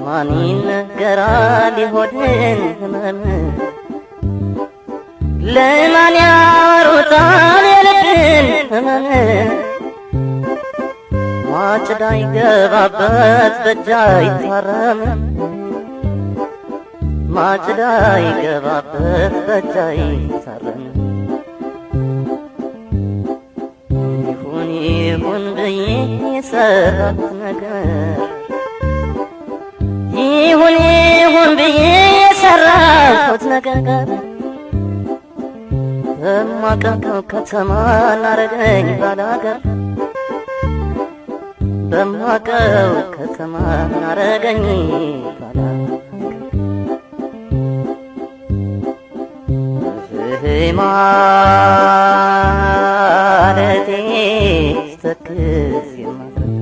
ማን ይነገራል የሆድን ህመም ለማን ያወሩታል የልብን ህመም ማጭዳ ይገባበት በእጅ አይታረም ማጭዳ ይገባበት በእጅ አይታረም ይሁን ይሁን ብዬ የሰራት ነገር ዝም ብዬ የሰራሁት ነገር ቀረ በማቀቀው ከተማ ላረገኝ ባላገር በማቀው ከተማ ላረገኝ ባላገር ማለቴ ስተክዝ የማድረግ